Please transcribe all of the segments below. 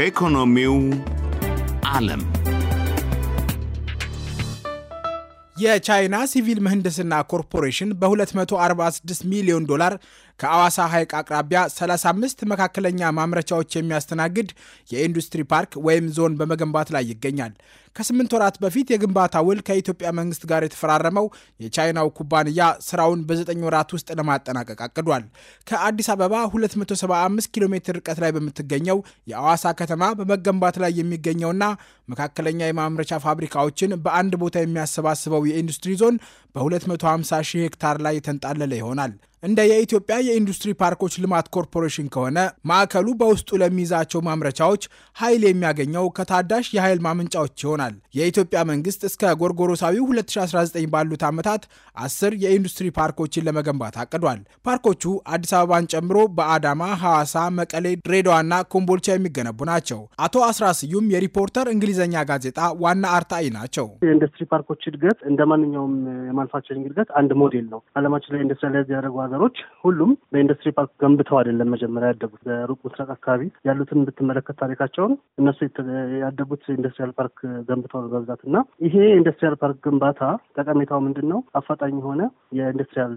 ከኢኮኖሚው ዓለም የቻይና ሲቪል ምህንድስና ኮርፖሬሽን በ246 ሚሊዮን ዶላር ከአዋሳ ሐይቅ አቅራቢያ 35 መካከለኛ ማምረቻዎች የሚያስተናግድ የኢንዱስትሪ ፓርክ ወይም ዞን በመገንባት ላይ ይገኛል። ከስምንት ወራት በፊት የግንባታ ውል ከኢትዮጵያ መንግስት ጋር የተፈራረመው የቻይናው ኩባንያ ስራውን በዘጠኝ ወራት ውስጥ ለማጠናቀቅ አቅዷል። ከአዲስ አበባ 275 ኪሎ ሜትር ርቀት ላይ በምትገኘው የአዋሳ ከተማ በመገንባት ላይ የሚገኘውና መካከለኛ የማምረቻ ፋብሪካዎችን በአንድ ቦታ የሚያሰባስበው የኢንዱስትሪ ዞን በ250 ሺህ ሄክታር ላይ የተንጣለለ ይሆናል። እንደ የኢትዮጵያ የኢንዱስትሪ ፓርኮች ልማት ኮርፖሬሽን ከሆነ ማዕከሉ በውስጡ ለሚይዛቸው ማምረቻዎች ኃይል የሚያገኘው ከታዳሽ የኃይል ማመንጫዎች ይሆናል። የኢትዮጵያ መንግስት እስከ ጎርጎሮሳዊው 2019 ባሉት ዓመታት አስር የኢንዱስትሪ ፓርኮችን ለመገንባት አቅዷል። ፓርኮቹ አዲስ አበባን ጨምሮ በአዳማ፣ ሐዋሳ፣ መቀሌ፣ ድሬዳዋና ኮምቦልቻ የሚገነቡ ናቸው። አቶ አስራ ስዩም የሪፖርተር እንግሊዝኛ ጋዜጣ ዋና አርታኢ ናቸው። የኢንዱስትሪ ፓርኮች እድገት እንደ ማንኛውም የማንፋቸሪንግ እድገት አንድ ሞዴል ነው። አለማችን ላይ ኢንዱስትሪላይዝ ያደረገው ሀገሮች ሁሉም በኢንዱስትሪ ፓርክ ገንብተው አይደለም መጀመሪያ ያደጉት። በሩቅ ምስራቅ አካባቢ ያሉትን ብትመለከት ታሪካቸውን እነሱ ያደጉት ኢንዱስትሪያል ፓርክ ገንብተው በብዛት እና ይሄ ኢንዱስትሪያል ፓርክ ግንባታ ጠቀሜታው ምንድን ነው? አፋጣኝ የሆነ የኢንዱስትሪያል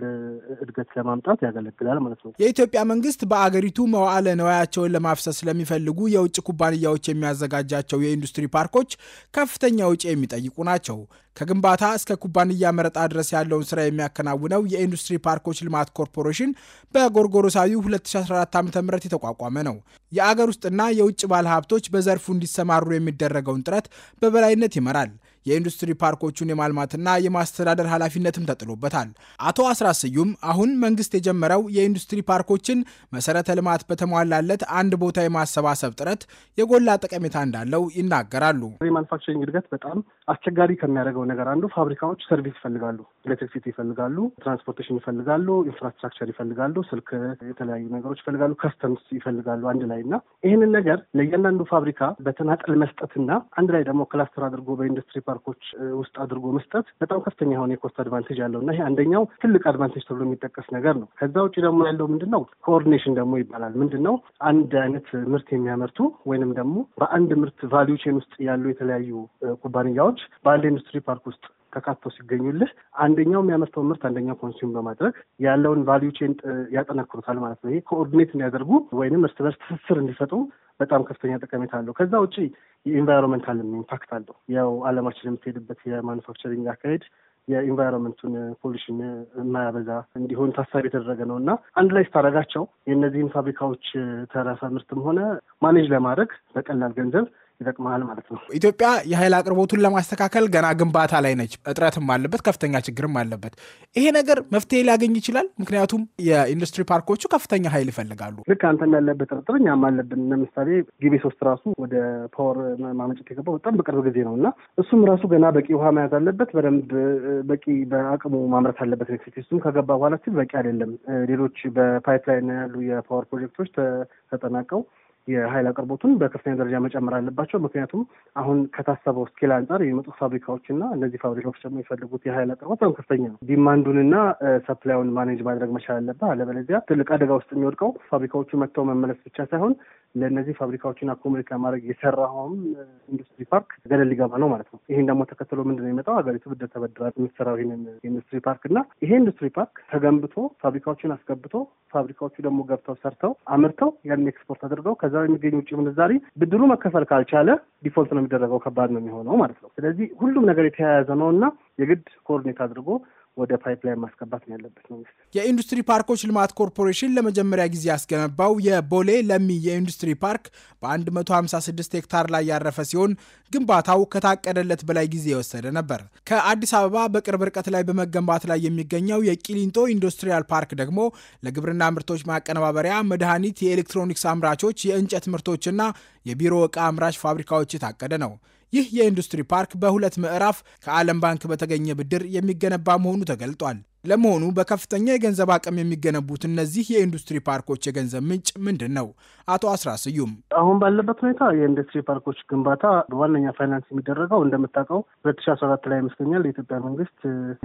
እድገት ለማምጣት ያገለግላል ማለት ነው። የኢትዮጵያ መንግስት በአገሪቱ መዋዕለ ነዋያቸውን ለማፍሰስ ለሚፈልጉ የውጭ ኩባንያዎች የሚያዘጋጃቸው የኢንዱስትሪ ፓርኮች ከፍተኛ ውጪ የሚጠይቁ ናቸው። ከግንባታ እስከ ኩባንያ መረጣ ድረስ ያለውን ስራ የሚያከናውነው የኢንዱስትሪ ፓርኮች ልማት ኮርፖሬሽን በጎርጎሮሳዊ 2014 ዓ ም የተቋቋመ ነው። የአገር ውስጥና የውጭ ባለሀብቶች በዘርፉ እንዲሰማሩ የሚደረገውን ጥረት በበላይነት ይመራል። የኢንዱስትሪ ፓርኮቹን የማልማትና የማስተዳደር ኃላፊነትም ተጥሎበታል። አቶ አስራት ስዩም አሁን መንግስት የጀመረው የኢንዱስትሪ ፓርኮችን መሰረተ ልማት በተሟላለት አንድ ቦታ የማሰባሰብ ጥረት የጎላ ጠቀሜታ እንዳለው ይናገራሉ። የማኑፋክቸሪንግ እድገት በጣም አስቸጋሪ ከሚያደርገው ነገር አንዱ ፋብሪካዎች ሰርቪስ ይፈልጋሉ፣ ኤሌክትሪሲቲ ይፈልጋሉ፣ ትራንስፖርቴሽን ይፈልጋሉ፣ ኢንፍራስትራክቸር ይፈልጋሉ፣ ስልክ፣ የተለያዩ ነገሮች ይፈልጋሉ፣ ከስተምስ ይፈልጋሉ አንድ ላይ እና ይህንን ነገር ለእያንዳንዱ ፋብሪካ በተናጠል መስጠትና አንድ ላይ ደግሞ ክላስተር አድርጎ በኢንዱስትሪ ፓርኮች ውስጥ አድርጎ መስጠት በጣም ከፍተኛ የሆነ የኮስት አድቫንቴጅ አለው እና ይሄ አንደኛው ትልቅ አድቫንቴጅ ተብሎ የሚጠቀስ ነገር ነው። ከዛ ውጭ ደግሞ ያለው ምንድን ነው ኮኦርዲኔሽን ደግሞ ይባላል። ምንድን ነው አንድ አይነት ምርት የሚያመርቱ ወይንም ደግሞ በአንድ ምርት ቫሊዩ ቼን ውስጥ ያሉ የተለያዩ ኩባንያዎች በአንድ ኢንዱስትሪ ፓርክ ውስጥ ተካተው ሲገኙልህ አንደኛው የሚያመርተውን ምርት አንደኛው ኮንሱም በማድረግ ያለውን ቫሊዩ ቼን ያጠነክሩታል ማለት ነው። ይሄ ኮኦርዲኔት እንዲያደርጉ ወይንም እርስ በርስ ትስስር እንዲፈጥሩ በጣም ከፍተኛ ጠቀሜታ አለው። ከዛ ውጪ የኢንቫይሮንመንታል ኢምፓክት አለው። ያው አለማችን የምትሄድበት የማኑፋክቸሪንግ አካሄድ የኢንቫይሮንመንቱን ፖሊሽን የማያበዛ እንዲሆን ታሳቢ የተደረገ ነው እና አንድ ላይ ስታደርጋቸው የእነዚህን ፋብሪካዎች ተረፈ ምርትም ሆነ ማኔጅ ለማድረግ በቀላል ገንዘብ ይጠቅመሃል ማለት ነው። ኢትዮጵያ የኃይል አቅርቦቱን ለማስተካከል ገና ግንባታ ላይ ነች። እጥረትም አለበት፣ ከፍተኛ ችግርም አለበት። ይሄ ነገር መፍትሄ ሊያገኝ ይችላል። ምክንያቱም የኢንዱስትሪ ፓርኮቹ ከፍተኛ ኃይል ይፈልጋሉ። ልክ አንተም ያለበት ጥርጥር እኛም አለብን። ለምሳሌ ጊቤ ሶስት ራሱ ወደ ፓወር ማመንጨት የገባው በጣም በቅርብ ጊዜ ነው እና እሱም ራሱ ገና በቂ ውሃ መያዝ አለበት። በደንብ በቂ በአቅሙ ማምረት አለበት ኤሌክትሪክ እሱም ከገባ በኋላ ሲል በቂ አይደለም። ሌሎች በፓይፕላይን ያሉ የፓወር ፕሮጀክቶች ተጠናቀው የኃይል አቅርቦቱን በከፍተኛ ደረጃ መጨመር አለባቸው። ምክንያቱም አሁን ከታሰበው ስኬል አንጻር የሚመጡት ፋብሪካዎችና እነዚህ ፋብሪካዎች ደግሞ የሚፈልጉት የኃይል አቅርቦት በጣም ከፍተኛ ነው። ዲማንዱንና ሰፕላዩን ማኔጅ ማድረግ መቻል አለበት። አለበለዚያ ትልቅ አደጋ ውስጥ የሚወድቀው ፋብሪካዎቹ መጥተው መመለስ ብቻ ሳይሆን ለእነዚህ ፋብሪካዎችን አኮሞዴት ለማድረግ የሰራውም ኢንዱስትሪ ፓርክ ገደል ሊገባ ነው ማለት ነው። ይህን ደግሞ ተከትሎ ምንድን ነው የመጣው? ሀገሪቱ ብድር ተበድራ የምትሰራው ይህንን ኢንዱስትሪ ፓርክ እና ይሄ ኢንዱስትሪ ፓርክ ተገንብቶ ፋብሪካዎችን አስገብቶ ፋብሪካዎቹ ደግሞ ገብተው ሰርተው አምርተው ያን ኤክስፖርት አድርገው ከዛ የሚገኝ ውጭ ምንዛሪ ብድሩ መከፈል ካልቻለ ዲፎልት ነው የሚደረገው። ከባድ ነው የሚሆነው ማለት ነው። ስለዚህ ሁሉም ነገር የተያያዘ ነው እና የግድ ኮኦርዲኔት አድርጎ ወደ ፓይፕላይን ማስገባት ነው ያለበት መንግስት። የኢንዱስትሪ ፓርኮች ልማት ኮርፖሬሽን ለመጀመሪያ ጊዜ ያስገነባው የቦሌ ለሚ የኢንዱስትሪ ፓርክ በ156 ሄክታር ላይ ያረፈ ሲሆን ግንባታው ከታቀደለት በላይ ጊዜ የወሰደ ነበር። ከአዲስ አበባ በቅርብ ርቀት ላይ በመገንባት ላይ የሚገኘው የቂሊንጦ ኢንዱስትሪያል ፓርክ ደግሞ ለግብርና ምርቶች ማቀነባበሪያ፣ መድኃኒት፣ የኤሌክትሮኒክስ አምራቾች፣ የእንጨት ምርቶችና የቢሮ ዕቃ አምራች ፋብሪካዎች የታቀደ ነው። ይህ የኢንዱስትሪ ፓርክ በሁለት ምዕራፍ ከዓለም ባንክ በተገኘ ብድር የሚገነባ መሆኑ ተገልጧል። ለመሆኑ በከፍተኛ የገንዘብ አቅም የሚገነቡት እነዚህ የኢንዱስትሪ ፓርኮች የገንዘብ ምንጭ ምንድን ነው? አቶ አስራ ስዩም አሁን ባለበት ሁኔታ የኢንዱስትሪ ፓርኮች ግንባታ በዋነኛ ፋይናንስ የሚደረገው እንደምታውቀው ሁለት ሺ አስራ አራት ላይ ይመስለኛል የኢትዮጵያ መንግስት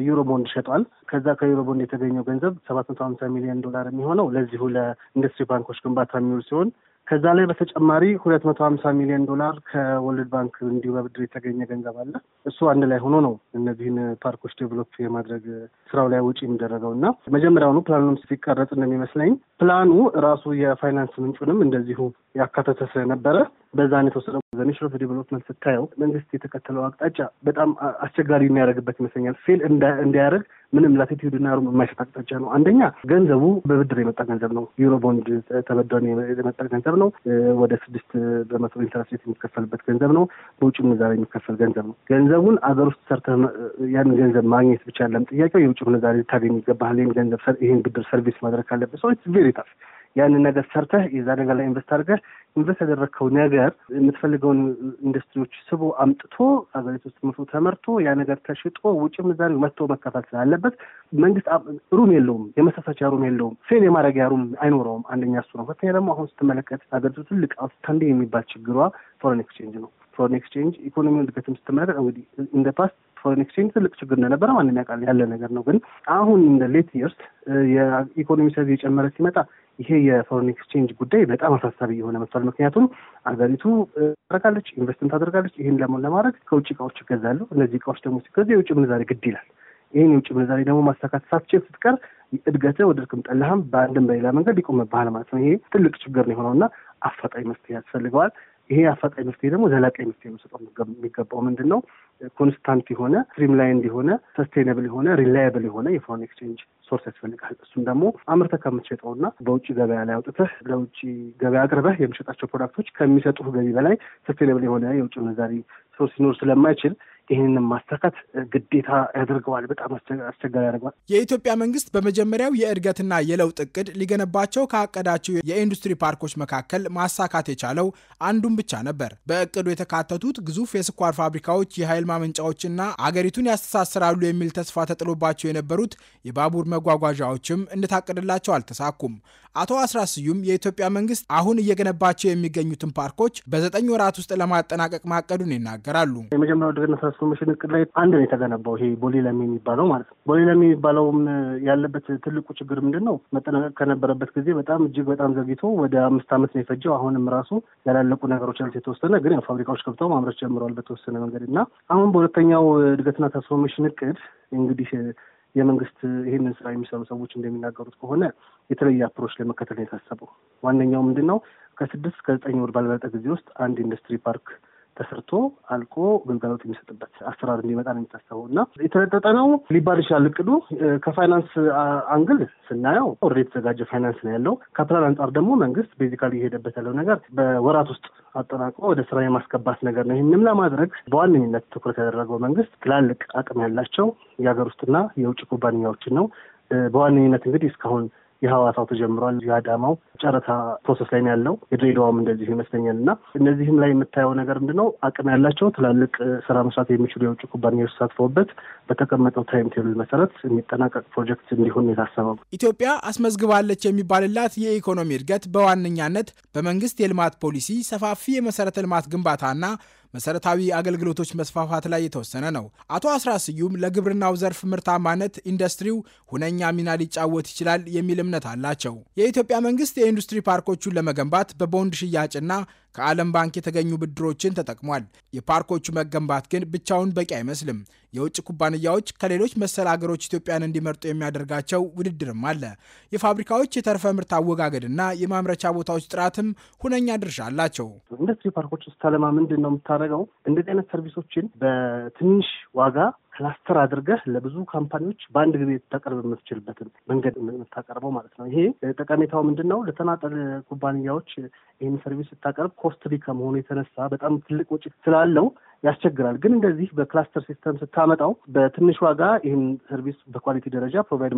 ዩሮ ቦንድ ሸጧል። ከዛ ከዩሮ ቦንድ የተገኘው ገንዘብ ሰባት መቶ ሀምሳ ሚሊዮን ዶላር የሚሆነው ለዚሁ ለኢንዱስትሪ ፓርኮች ግንባታ የሚውል ሲሆን ከዛ ላይ በተጨማሪ ሁለት መቶ ሀምሳ ሚሊዮን ዶላር ከወርልድ ባንክ እንዲሁ በብድር የተገኘ ገንዘብ አለ። እሱ አንድ ላይ ሆኖ ነው እነዚህን ፓርኮች ዴቨሎፕ የማድረግ ስራው ላይ ውጪ የሚደረገው እና መጀመሪያውኑ ፕላኑም ሲቀረጽ እንደሚመስለኝ ፕላኑ ራሱ የፋይናንስ ምንጩንም እንደዚሁ ያካተተ ስለነበረ በዛ አይነት የተወሰነ በኔሽን ኦፍ ዴቨሎፕመንት ስታየው መንግስት የተከተለው አቅጣጫ በጣም አስቸጋሪ የሚያደርግበት ይመስለኛል። ፌል እንዳያደርግ ምንም ላቲቲዩድ ና ሩም የማይሰጥ አቅጣጫ ነው። አንደኛ ገንዘቡ በብድር የመጣ ገንዘብ ነው። ዩሮ ቦንድ ተበድረን የመጣ ገንዘብ ነው። ወደ ስድስት በመቶ ኢንተረስት ሬት የሚከፈልበት ገንዘብ ነው። በውጭ ምንዛሬ የሚከፈል ገንዘብ ነው። ገንዘቡን አገር ውስጥ ሰርተ ያን ገንዘብ ማግኘት ብቻ ያለም ጥያቄው የውጭ ምንዛሬ ልታገኝ ይገባል። ይህን ገንዘብ ይህን ብድር ሰርቪስ ማድረግ ካለበት ሰው ኢትስ ቬሪ ታፍ ያንን ነገር ሰርተህ የዛ ነገር ላይ ኢንቨስት አድርገህ ኢንቨስት ያደረግከው ነገር የምትፈልገውን ኢንዱስትሪዎች ስቦ አምጥቶ ሀገሪቱ ውስጥ ምርቱ ተመርቶ ያ ነገር ተሽጦ ውጭ ምንዛሬ መጥቶ መከፈል ስላለበት መንግስት ሩም የለውም፣ የመሳሳቻ ሩም የለውም፣ ፌል የማድረጊያ ሩም አይኖረውም። አንደኛ እሱ ነው። ሁለተኛ ደግሞ አሁን ስትመለከት ሀገሪቱ ትልቅ አውትስታንዲ የሚባል ችግሯ ፎሬን ኤክስቼንጅ ነው። ፎሬን ኤክስቼንጅ ኢኮኖሚውን እድገትም ስትመለከት እንግዲህ ኢንደ ፓስት ፎሬን ኤክስቼንጅ ትልቅ ችግር እንደነበረ ማንም ያውቃል ያለ ነገር ነው። ግን አሁን እንደ ሌት ይርስ የኢኮኖሚ ሰዚ የጨመረ ሲመጣ ይሄ የፎሬን ኤክስቼንጅ ጉዳይ በጣም አሳሳቢ የሆነ መጥቷል። ምክንያቱም አገሪቱ ታደርጋለች፣ ኢንቨስትመንት ታደርጋለች። ይህን ለማድረግ ከውጭ እቃዎች ይገዛሉ። እነዚህ እቃዎች ደግሞ ሲገዙ የውጭ ምንዛሬ ግድ ይላል። ይህን የውጭ ምንዛሬ ደግሞ ማሳካት ሳትችል ስትቀር እድገት ወደ ርክም ጠላህም በአንድም በሌላ መንገድ ይቆምብሃል ማለት ነው። ይሄ ትልቅ ችግር ነው የሆነው እና አፋጣኝ መፍትሄ ያስፈልገዋል። ይሄ አፋጣኝ መፍትሄ ደግሞ ዘላቂ መፍትሄ መሰጠው የሚገባው ምንድን ነው? ኮንስታንት የሆነ ስትሪምላይንድ የሆነ ሰስቴናብል የሆነ ሪላያብል የሆነ የፎሬን ኤክስቼንጅ ሶርስ ያስፈልጋል። እሱም ደግሞ አምርተህ ከምትሸጠውና በውጭ ገበያ ላይ አውጥተህ ለውጭ ገበያ አቅርበህ የምሸጣቸው ፕሮዳክቶች ከሚሰጡህ ገቢ በላይ ሰስቴናብል የሆነ የውጭ ምንዛሪ ሶርስ ሊኖር ስለማይችል ይህንን ማሳካት ግዴታ ያደርገዋል፣ በጣም አስቸጋሪ ያደርገዋል። የኢትዮጵያ መንግስት በመጀመሪያው የእድገትና የለውጥ እቅድ ሊገነባቸው ካቀዳቸው የኢንዱስትሪ ፓርኮች መካከል ማሳካት የቻለው አንዱን ብቻ ነበር። በእቅዱ የተካተቱት ግዙፍ የስኳር ፋብሪካዎች፣ የኃይል ማመንጫዎችና አገሪቱን ያስተሳስራሉ የሚል ተስፋ ተጥሎባቸው የነበሩት የባቡር መጓጓዣዎችም እንደታቀደላቸው አልተሳኩም። አቶ አስራ ስዩም የኢትዮጵያ መንግስት አሁን እየገነባቸው የሚገኙትን ፓርኮች በዘጠኝ ወራት ውስጥ ለማጠናቀቅ ማቀዱን ይናገራሉ። የመጀመሪያው ደገነት ትራንስፎርሜሽን እቅድ ላይ አንድ ነው የተገነባው ይሄ ቦሌ ለሚ የሚባለው ማለት ነው። ቦሌ ለሚ የሚባለውም ያለበት ትልቁ ችግር ምንድን ነው? መጠናቀቅ ከነበረበት ጊዜ በጣም እጅግ በጣም ዘግይቶ ወደ አምስት ዓመት ነው የፈጀው። አሁንም ራሱ ያላለቁ ነገሮች ያሉት የተወሰነ ግን ያው ፋብሪካዎች ገብተው ማምረት ጀምረዋል በተወሰነ መንገድ እና አሁን በሁለተኛው እድገትና ትራንስፎርሜሽን እቅድ እንግዲህ የመንግስት ይህንን ስራ የሚሰሩ ሰዎች እንደሚናገሩት ከሆነ የተለየ አፕሮች ለመከተል ነው የታሰበው። ዋነኛው ምንድን ነው? ከስድስት ከዘጠኝ ወር ባልበለጠ ጊዜ ውስጥ አንድ ኢንዱስትሪ ፓርክ ተሰርቶ አልቆ ግልጋሎት የሚሰጥበት አሰራር እንዲመጣ ነው የሚታሰበው እና የተለጠጠ ነው ሊባል ይችላል እቅዱ። ከፋይናንስ አንግል ስናየው ኦልሬዲ የተዘጋጀ ፋይናንስ ነው ያለው። ከፕላን አንጻር ደግሞ መንግስት ቤዚካሊ የሄደበት ያለው ነገር በወራት ውስጥ አጠናቅቆ ወደ ስራ የማስገባት ነገር ነው። ይህንም ለማድረግ በዋነኝነት ትኩረት ያደረገው መንግስት ትላልቅ አቅም ያላቸው የሀገር ውስጥና የውጭ ኩባንያዎችን ነው። በዋነኝነት እንግዲህ እስካሁን የሐዋሳው ተጀምሯል። የአዳማው ጨረታ ፕሮሰስ ላይ ያለው። የድሬዳዋም እንደዚሁ ይመስለኛል። እና እነዚህም ላይ የምታየው ነገር ምንድነው አቅም ያላቸው ትላልቅ ስራ መስራት የሚችሉ የውጭ ኩባንያዎች ተሳትፈውበት በተቀመጠው ታይም ቴብል መሰረት የሚጠናቀቅ ፕሮጀክት እንዲሆን የታሰበው ኢትዮጵያ አስመዝግባለች የሚባልላት የኢኮኖሚ እድገት በዋነኛነት በመንግስት የልማት ፖሊሲ ሰፋፊ የመሰረተ ልማት ግንባታና መሰረታዊ አገልግሎቶች መስፋፋት ላይ የተወሰነ ነው። አቶ አስራ ስዩም ለግብርናው ዘርፍ ምርታማነት ኢንዱስትሪው ሁነኛ ሚና ሊጫወት ይችላል የሚል እምነት አላቸው። የኢትዮጵያ መንግስት የኢንዱስትሪ ፓርኮቹን ለመገንባት በቦንድ ሽያጭና ከዓለም ባንክ የተገኙ ብድሮችን ተጠቅሟል። የፓርኮቹ መገንባት ግን ብቻውን በቂ አይመስልም። የውጭ ኩባንያዎች ከሌሎች መሰል አገሮች ኢትዮጵያን እንዲመርጡ የሚያደርጋቸው ውድድርም አለ። የፋብሪካዎች የተረፈ ምርት አወጋገድና የማምረቻ ቦታዎች ጥራትም ሁነኛ ድርሻ አላቸው። ኢንዱስትሪ ፓርኮች ውስጥ ምንድን ነው የምታደርገው? እንደዚህ አይነት ሰርቪሶችን በትንሽ ዋጋ ክላስተር አድርገህ ለብዙ ካምፓኒዎች በአንድ ጊዜ ተቀርብ የምትችልበትን መንገድ የምታቀርበው ማለት ነው። ይሄ ጠቀሜታው ምንድን ነው? ለተናጠል ኩባንያዎች ይህን ሰርቪስ ስታቀርብ ኮስትሊ ከመሆኑ የተነሳ በጣም ትልቅ ወጪ ስላለው ያስቸግራል። ግን እንደዚህ በክላስተር ሲስተም ስታመጣው በትንሽ ዋጋ ይህን ሰርቪስ በኳሊቲ ደረጃ ፕሮቫይድ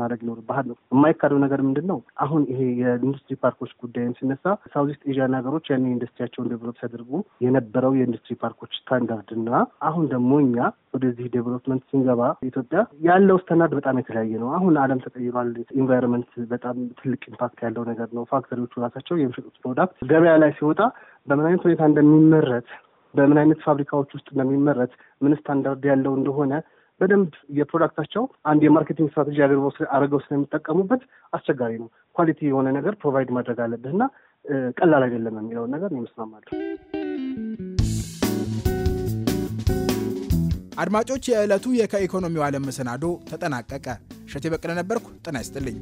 ማድረግ ይኖርብሃል ነው። የማይካደው ነገር ምንድን ነው? አሁን ይሄ የኢንዱስትሪ ፓርኮች ጉዳይም ሲነሳ ሳውዚስት ኤዥያን ሀገሮች ያን ኢንዱስትሪያቸውን ዴቨሎፕ ሲያደርጉ የነበረው የኢንዱስትሪ ፓርኮች ስታንዳርድ እና አሁን ደግሞ እኛ ወደዚህ ዴቨሎፕመንት ስንገባ ኢትዮጵያ ያለው ስታንዳርድ በጣም የተለያየ ነው። አሁን ዓለም ተቀይሯል። ኢንቫይሮንመንት በጣም ትልቅ ኢምፓክት ያለው ነገር ነው። ፋክተሪዎቹ ራሳቸው የሚሸጡት ፕሮዳክት ገበያ ላይ ሲወጣ በምን አይነት ሁኔታ እንደሚመረት በምን አይነት ፋብሪካዎች ውስጥ እንደሚመረት ምን ስታንዳርድ ያለው እንደሆነ በደንብ የፕሮዳክታቸው አንድ የማርኬቲንግ ስትራቴጂ አድርገው ስለሚጠቀሙበት አስቸጋሪ ነው። ኳሊቲ የሆነ ነገር ፕሮቫይድ ማድረግ አለብህ እና ቀላል አይደለም የሚለውን ነገር ይመስማማሉ። አድማጮች፣ የዕለቱ የከኢኮኖሚው ዓለም መሰናዶ ተጠናቀቀ። እሸቴ በቀለ ነበርኩ። ጤና ይስጥልኝ።